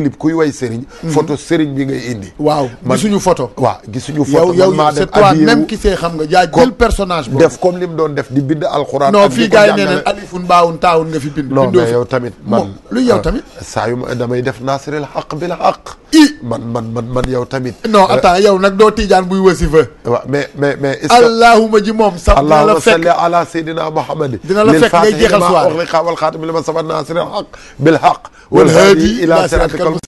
clip kuy way Serigne. Mhm. photo Serigne bi ngay indi. waaw gisuñu photo. waaw gisuñu photo yow yow c'est toi même qui sait xam nga yaa jël personnage def comme li mu doon def di bind alxuraan. non fii gars yi nee nañ alifun baawun taawun nga fi bind. non mais yow tamit man lu yow ah, yu ma damay def naasiril xaq bil xaq. i man man man man yow tamit. non euh, a yow nag doo tijaan buy wasifa. waaw mais la fekk allahuma salli ala sayyidina Muhammad. dina la fekk ngay jeexal a lil faatihi limaa ughliqa wal والهادي إلى صراطك المستقيم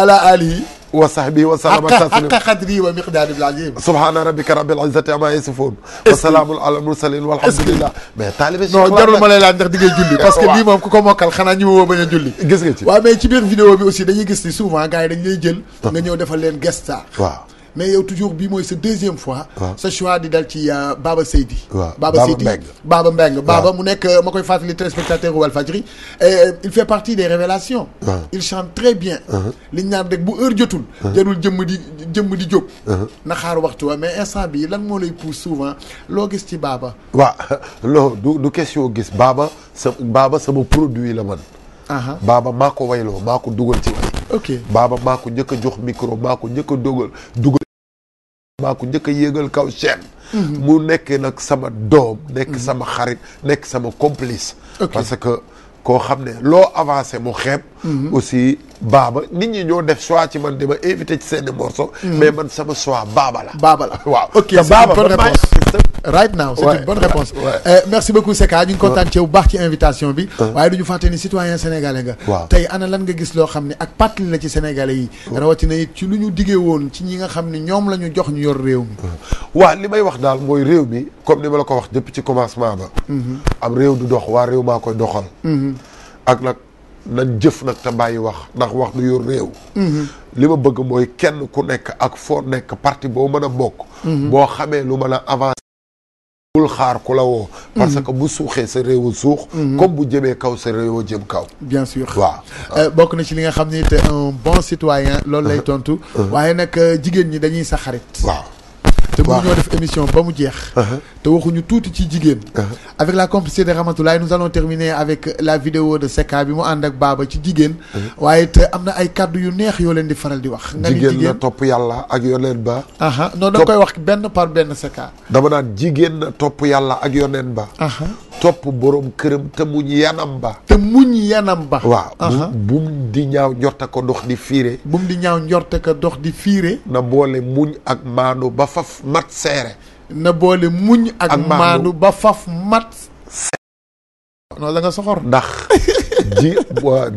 على آله وصحبه وسلم حق قدري ومقداري العظيم سبحان ربك رب العزة عما يصفون وسلام على المرسلين والحمد لله mais taalibe non jarul ma lay laaj ndax di ngay julli parce que lii moom ku ko mokkal xanaa ñi woo bañ a julli gis nga ci waaw mais ci biir vidéo bi aussi dañuy gis ni souvent gars yi dañ lay jël ah. nga ñëw defal leen gesta waaw mais yow toujours bii mooy sa deuxième fois. sa choix di dal ci euh, Baba Seydi. waaw Baba Seydi Baba Mbengue Baba mu nekk euh, ma koy fàttali téléspectateur Walfadjri euh, il fait partie des révélations il chante très bien. Uh-huh. li ñu naan rek bu heure jotul. Uh-huh. jarul jëmm di jëmm di jóg. Uh-huh. na xaar waxtu wa mais instant bi lan moo lay pousse souvent loo gis ci baaba waa loo du du question gis baaba sa Baba sama produit la man. Baba maa ko wayloo maa ko dugal ci way. ok Baba maa ko njëkk jox micro maa ko njëkk a dogal dugal. maa ku njëkk a yéegal kaw chaîne mhm. mu nekk nag sama doom nekk mhm. sama xarit nekk sama complice parce que koo xam ne loo avancé mu xeeb. Mhm. aussi baaba nit ñi ñoo def choix ci man di ma invité ci seen morceau. Mhm. mais man sama choix baaba la. baaba la waaw ok c'est une bonne réponse right now c'est une bonne réponse eh, merci beaucoup Secka ñu ngi kontaan ci bu baax ci invitation bi. waaye du ñu fàtte ni citoyen sénégalais nga. waaw tey ana lan nga gis loo xam ne ak pàttali na ci sénégalais yi. rawatina it ci lu ñu diggee woon ci ñi nga xam ne ñoom la ñu jox ñu yor réew mi. waa li may wax daal mooy réew mi comme ni ma la ko wax depuis ci commencement ba. Mm-hmm. am réew du dox waa réew maa koy doxal. Mm-hmm. ak nag nañ jëf nag te bàyyi wax ndax wax du yor réew. Mm-hmm. li ma bëgg mooy kenn ku nekk ak foo nekk parti boo mën a bokk. boo xamee lu ma a avancer. xaar ku la woo. parce que bu suuxee sa réew a suux. comme bu jëmee kaw sa réew jëm kaw. bien sûr waaw. Euh, bokk na ci li nga xam ni te bon citoyen loolu lay uh-huh. tontu. Uh-huh. waaye nag euh, jigéen ñi dañuy sa xarit. te bu ñoo def émission ba mu jeex uh-huh. te waxuñu tuuti ci jigéen uh-huh. avec la complicité de Ramatoulaye nous allons terminer avec la vidéo de Seka bi mu ànd ak Baba ci jigéen uh-huh. waaye te am na ay kàddu yu neex yoo leen di faral di wax nga ni jigéen na topp yàlla ak yoneen ba aha non da koy wax benn par benn Seka dama naan jigéen na topp yàlla ak yoneen ba topp borom këram te muñ yanam ba te muñ yanam ba waaw bum di ñaaw njorte ko dox di fiire bum di ñaaw njorte ko dox di fiire na boole muñ ak maandu ba faf mat seere na boole muñ ak maandu ba faf mat seere noonu la nga soxor ndax ji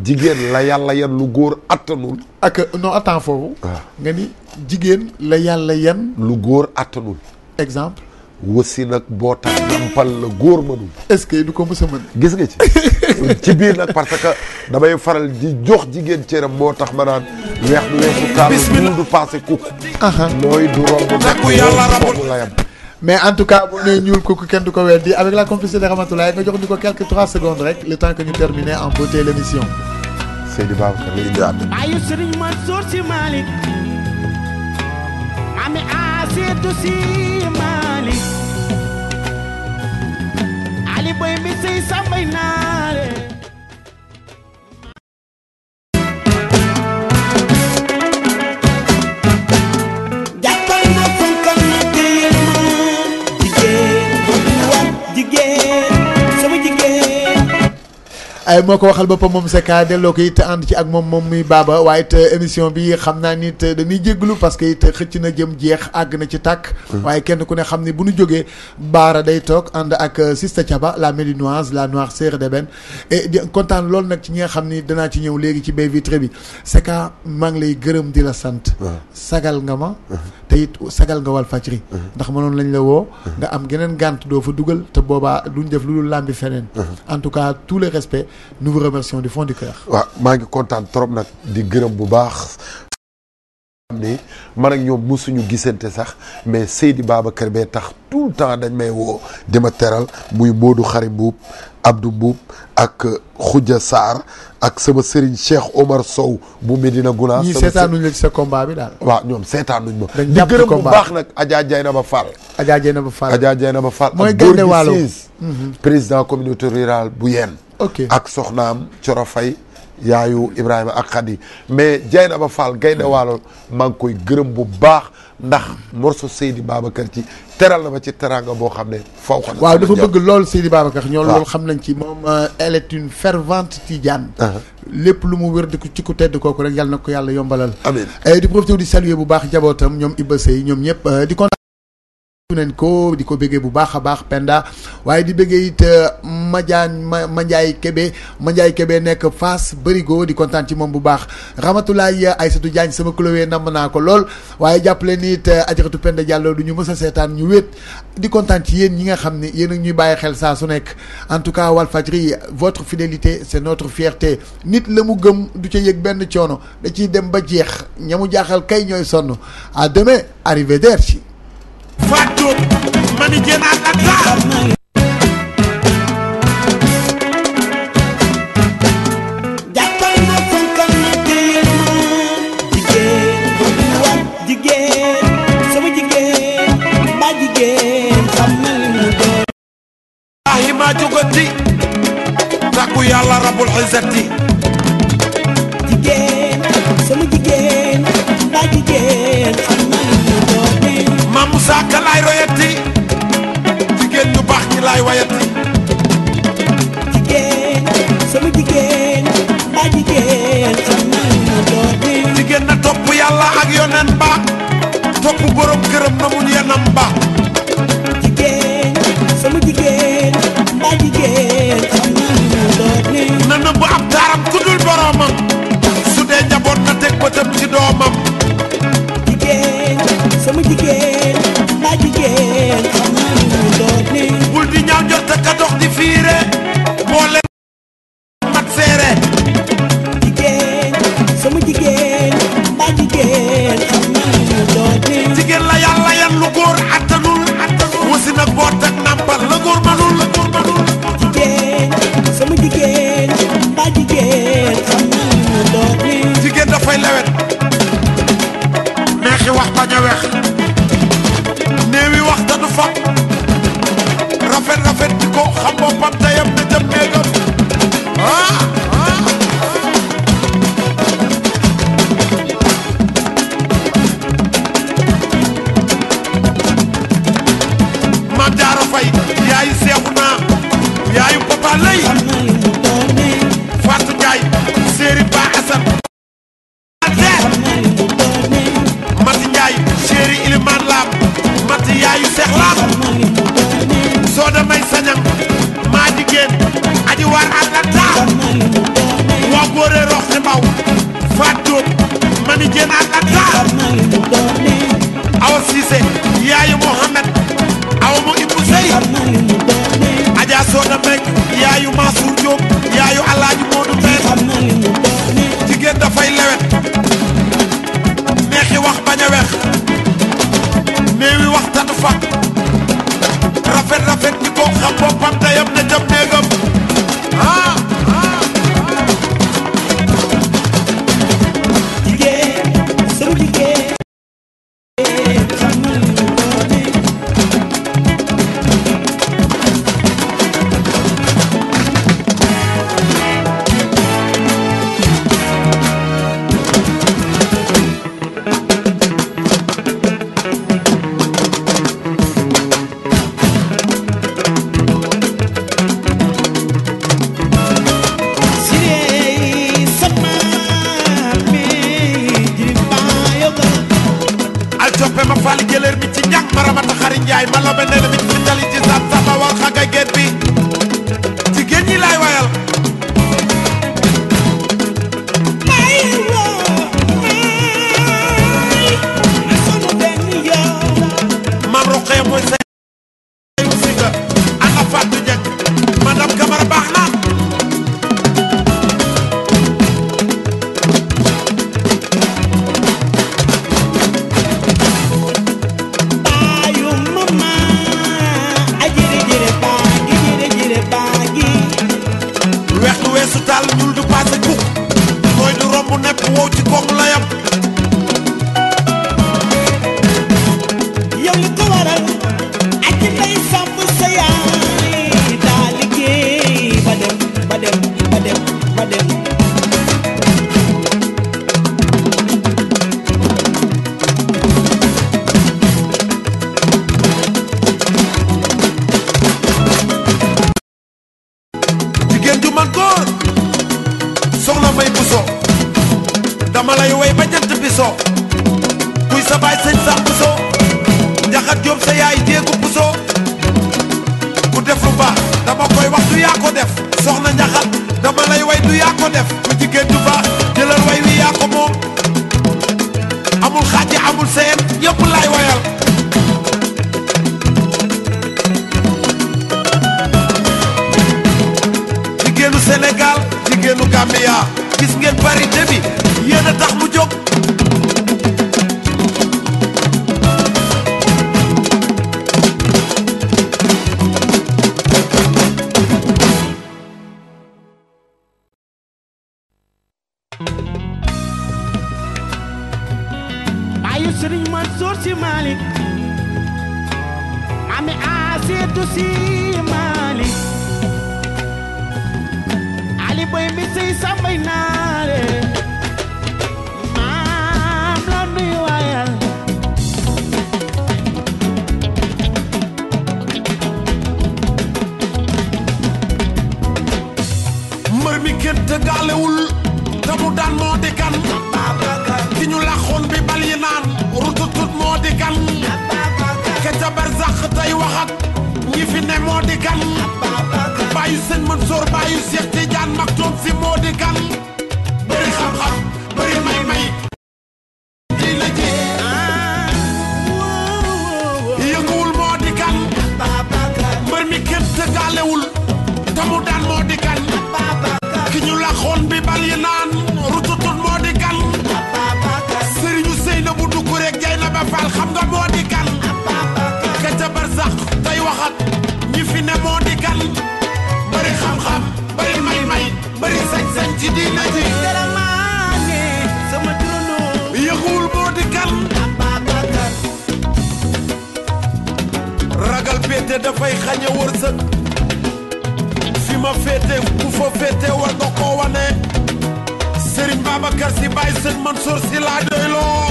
jigéen la yàlla yan lu góor attanul ak non attends foofu ah. nga ni jigéen la yàlla yan lu góor attanul exemple wasi nag boo tax nampal la góor mënul est-ce que du ko mos a mën gis nga ci ci biir nag parce que damay faral di jox jigéen cere moo tax ma naan weex du weesu kaalu ñuul du passé kukk nooy du romb nag yàlla ramul la yam mais en tout cas bu ne ñuul kooku kenn du ko weddi avec la complicité de Ramatoulaye nga jox ñu ko quelques trois secondes rek le temps que ñu terminer en beauté l'émission Seydi Babacar lay indiwaat سيدو سي مالي علي بوي مي سي سامباي نالي ay moo ko waxal boppam moom Secka delloo ko it ànd ci ak moom moom muy baaba waaye it euh, émission bi xam naa ni it euh, dañuy parce que it euh, xëcc na jëm jeex àgg na ci tàkk. Hmm. waaye kenn ku ne xam ni bu nu jógee Baara day toog ànd ak Sista Thiaba la Médinoise la Noire Sœur d'Ébène et kontaan loolu nag ci ñi nga xam ni danaa ci ñëw léegi ci baie vitrée bi Secka maa ngi lay gërëm di la sant. Hmm. sagal nga ma. Hmm. te it sagal nga wal fajri. ndax noonu lañ la woo. nga am geneen gànt doo fa dugal te boobaa duñ def lu dul làmbi feneen. en tout cas tout le respect. nous vous remercions du fond maa ngi kontaan trop nag di gërëm bu baax. ni man ak ñoom suñu gisante sax mais Seydi Babacar bee tax tout le temps dañ may woo dima ma teral muy Modou Xari Mbuub Abdou Mbuub ak euh, Khoudia Sarr ak sama sëriñ Cheikh Omar Sow bu Medina Gounass. ñii seetaanuñ la ci sa combat bi daal. waaw ñoom seetaanuñ ma. dañ jàpp di gërëm bu baax nag Adja Dieynaba Fall. Adja Dieynaba na Adja Dieynaba Fall. mooy Gaynde Waalo ak góor gi président communauté rural bu yeen ok ak soxnaam Coro Fay yaayu Ibrahima ak Khady mais Dieynaba Fall gaynde waalo maa ngi koy gërëm bu baax ndax morso Seydi Babacar ci teral na ma ci teranga boo xam ne faw xana waaw dafa bëgg lool Seydi Babacar ñoo loolu xam nañ ci moom euh, elle est une fervente tidiane lépp lu mu wér di ko ci ku tedd kooku rek yàlla na ko yàlla yombalal amiin euh, di profité di saluer bu baax jabootam ñoom Iba Sey ñoom ñëpp euh, di kontaan nañ ko di ko bëggee bu baax a baax Penda waaye di bëggee it euh, Madiane ma Mandiaye Kébé Mandiaye Kébé nekk Fass Barigo di kontaan ci moom bu baax ay euh, Aïssatou Diagne sama kulowee namm naa ko lool waaye jàppale ni it euh, ajaratu Penda Diallo du ñu mës a seetaan ñu wéet di kontaan ci yéen ñi nga xam ne yéen a ñuy bàyyi xel saa su nekk en tout cas Walfadjri votre fidélité c'est notre fierté nit la mu gëm du ca yëg benn coono da ciy dem ba jeex ña mu jaaxal kay ñooy sonn à demain arrivé Fatou Diop Mami Dieng ak ak jógati tàggu yàlla rabul izzati jigéen sama jigéen mbaa jigéen Moussa Ka laay royati jigéen ñu baax ñi laay wayati jigéen sama jigéen jigéen na dooti jigéen na topp yàlla ak yonen ba topp borom këram na mu yenam ba jigéen sama jigéen yaa ko def soxna njaxat dama lay way du yaa ko def ku jigéen du baax jëlal way wi yaa ko moom amul xaaji amul seen yëpp laay wayal jigéenu Sénégal jigéenu Gambia gis ngeen bari demi yéen a mu jóg Sëriñ Mansour Si Malik Mami Asidu Si Malik Ali Boy mi sey sambay naare maam la nuy waayal mbër mi kenn tëggaalewul te mu daan moo di kan ki ñu laxoon bi gan ka ca barsax tey wax ak ñi fi ne moo di gan bàyyu sëñ Mansoor bàyyu Seex Tijaan Maktoum si moo di may-may di yënguwul moo mbër mi kenn tëggaalewul tamu daan moo di gan ki ñu la xoon bi bal yi naa ne moo di kan bëri xam-xam bëri may-may bëri sañ-sañ ci diina ji Dramane sama turandoo ragal péete dafay xañe wërsëg fi ma féete ku fa féete war nga koo wane Serigne Babacar si bàyyi sëñ Mansour si laa doy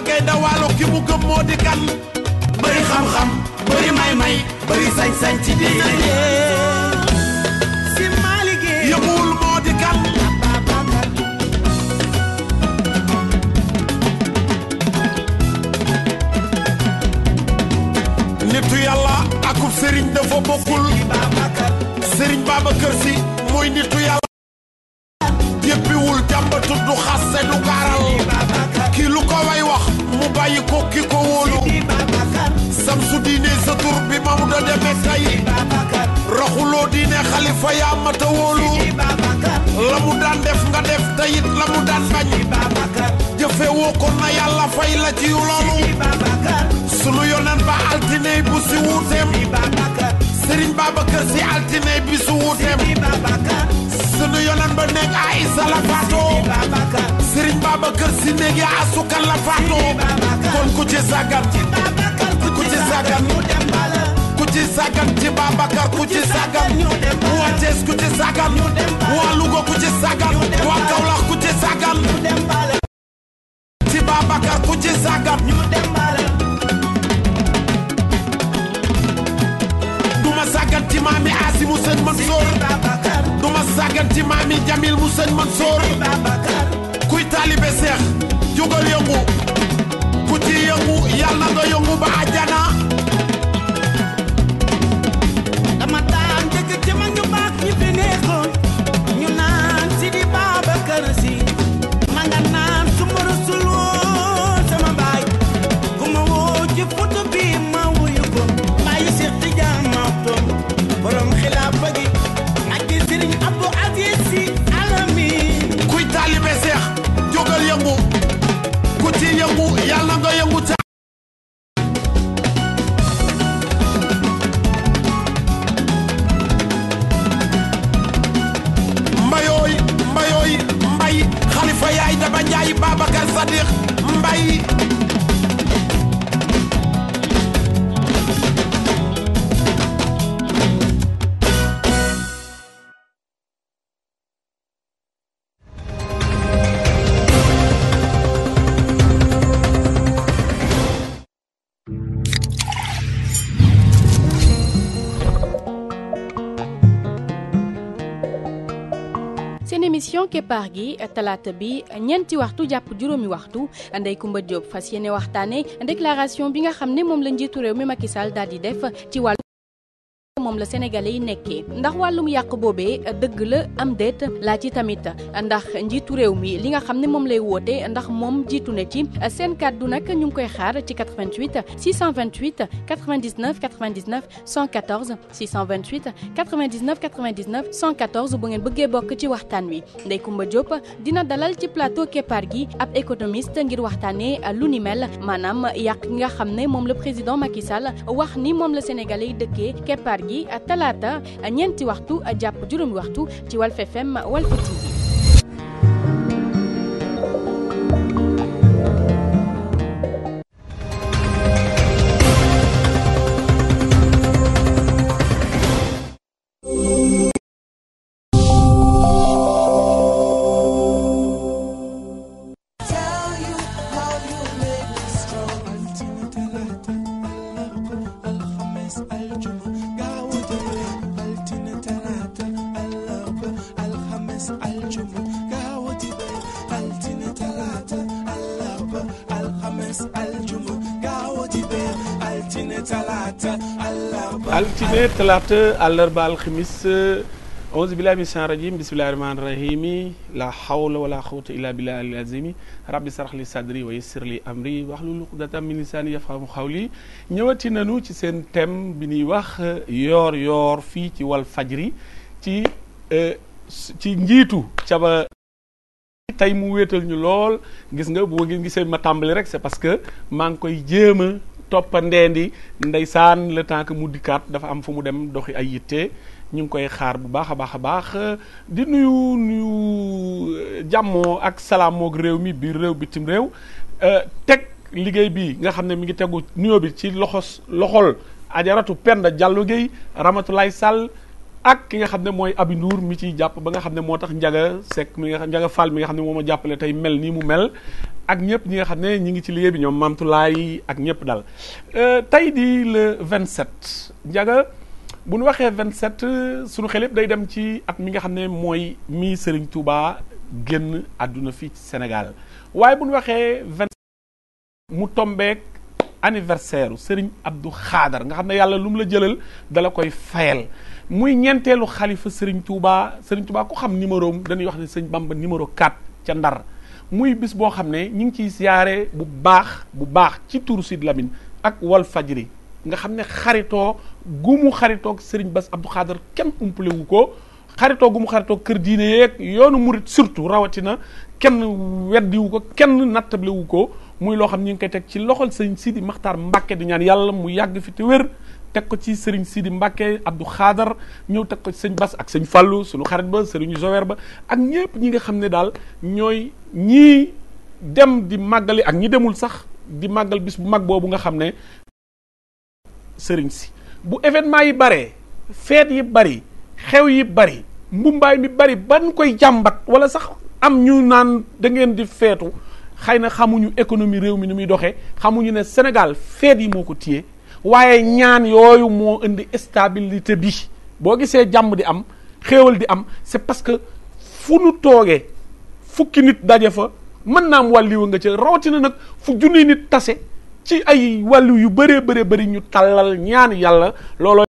waaw gaynde waalo ki mu gëm moo di kan xam-xam bëri may-may bëri sañ-sañ ci diine si maalige moo di kan nitu yàlla akub dafa bokkul sëriñ Babacar Si mooy nitu yàlla mu bàyyi ko ki ko wóolu samsu diine sa tur bi mamu da deme tay raxuloo diine xalifa yaa mata wóolu la mu daan def nga def tayit la mu daan bañ jëfe woo ko na yàlla fay la ci loolu sunu yonen ba altine bu si wuuteem Serigne Babacar si altine bi su wuuteem sunu yonan ba nekk a la faatoo Serigne Babacar si nekk ya asukal la faatoo kon ku ci sagan ku ci sagan ku ci sagan ci Babacar ku ci sagan waa Thiès ku ci sagan waa Louga ku ci sagan waa Kaolack ku ci sagan ci Babacar ku ci sagan duma sagan ci maami Asimu Sëñ Mansour gan ci maami Jamil mu kuy taalibe Seex jugal yëngu ku ci yëngu yàlla nga yëngu ba àjjana émission keppaar gi talaata bi ñeenti waxtu jàpp juróomi waxtu Ndeye Koumba Diop fas yéene waxtaane déclaration bi nga xam ne moom la njiitu réew mi Macky Sall daal di def ci wàllu. moom la sénégalais yi nekkee ndax wàllum yàq boobee dëgg la am déet laa ci tamit ndax njiitu réew mi li nga xam ne moom lay woote ndax moom jiitu na ci seen kàddu nag ñu ngi koy xaar ci 88 628 99 99 114 628 99 99 114 bu ngeen bëggee bokk ci waxtaan wi Ndeye Koumba Diop dina dalal ci plateau keppaar gi ab économiste ngir waxtaanee lu ni mel maanaam yàq nga xam ne moom la président Macky Sall wax ni moom la sénégalais yi dëkkee keppaar gi talaata ñeenti waxtu jàpp juróomi waxtu ci Walf FM Walf TV bëccëg talaata àllarba alximis auzu billahi min shaytan rajim bismillahi rahmani rahimi la hawla wala quwwata illa billahi al azimi rabbi sarax li sadri wa yassir li amri wahlul uqdatam min lisani yafqahu qawli ñëwati nañu ci seen thème bi ñuy wax yoor yoor fii ci wal fajri ci eh, ci njiitu caba tey mu wéetal ñu lool gis nga bu seen ma tàmbali rek c'est parce que maa ngi koy jéem a toppandeendi ndeysaan le la tànk mu dikkaat dafa am fu mu dem doxi ay yitte ñu ngi koy xaar bu baax a baax a baax di nuyu nuyu euh, jàmmoo ak salaamoog réew mi biir réew bitim réew euh, teg liggéey bi nga xam ne mi ngi tegu nuyoo bi ci loxos loxol ajaratu Penda Diallo Gueye Ramatoulaye Sall ak ki nga xam ne mooy Abi Ndour mi ci jàpp ba nga xam ne moo tax Njaga Sekk mi nga xam Njaga Fall mi nga xam ne moo ma jàppale tey mel nii mu mel ak ñëpp ñi nga xam ne ñi ngi ci liggéey bi ñoom Mamtulaay ak ñëpp daal euh, tey di le 27 Njaga bu ñu waxee 27 sunu xel day dem ci at mi nga xam ne mooy mi Serigne Touba génn àdduna fii ci Sénégal waaye bu ñu waxee 27 mu tombeek anniversaire Serigne Abdou Khader nga xam ne yàlla lu mu la jëlal dala koy fayal. muy ñeenteelu xalifa Serigne Touba Serigne Touba ku xam numéro am dañuy wax ne sëñ Bamba numéro 4 ca Ndar muy bis boo xam ne ñu ngi ciy siyaare bu baax bu baax ci turu Sid Lamine ak wal fajri nga xam ne xaritoo gu mu xaritoo ak bas Bass Abdou kenn umpale wu ko xaritoo gu mu xaritoo kër diine yeeg yoonu murit surtout rawatina kenn weddiwu ko kenn nattable wu ko muy loo xam ñu ngi koy teg ci loxol sëñ Sidi Makhtar mbàkke di ñaan yàlla mu yàgg fi te wér. teg ko ci sëriñ Sidi Mbacke Abdou xaadar ñëw teg ko ci sëñ Bas ak sëñ Fallou suñu xarit ba sëriñ Jower ba ak ñëpp ñi nga xam ne daal ñooy ñii dem di màggali ak ñi demul sax di màggal bis bu mag boobu nga xam ne sëriñ si bu événement yi baree feet yi bari xew yi bari mbumbaay mi bari ban koy jàmbat wala sax am ñu naan da ngeen di feetu xëy na xamuñu économie réew mi ni muy doxee xamuñu ne Sénégal feet yi moo ko téye waaye ñaan yooyu moo indi stabilité bi boo gisee jàmm di am xéewal di am c'est parce que fu nu toogee fukki nit daje fa mën naa am wàlliwu nga ci rawatina nag fu junni nit tase ci ay wàllu yu bëree bëree bëri ñu tàllal ñaan yàlla looloo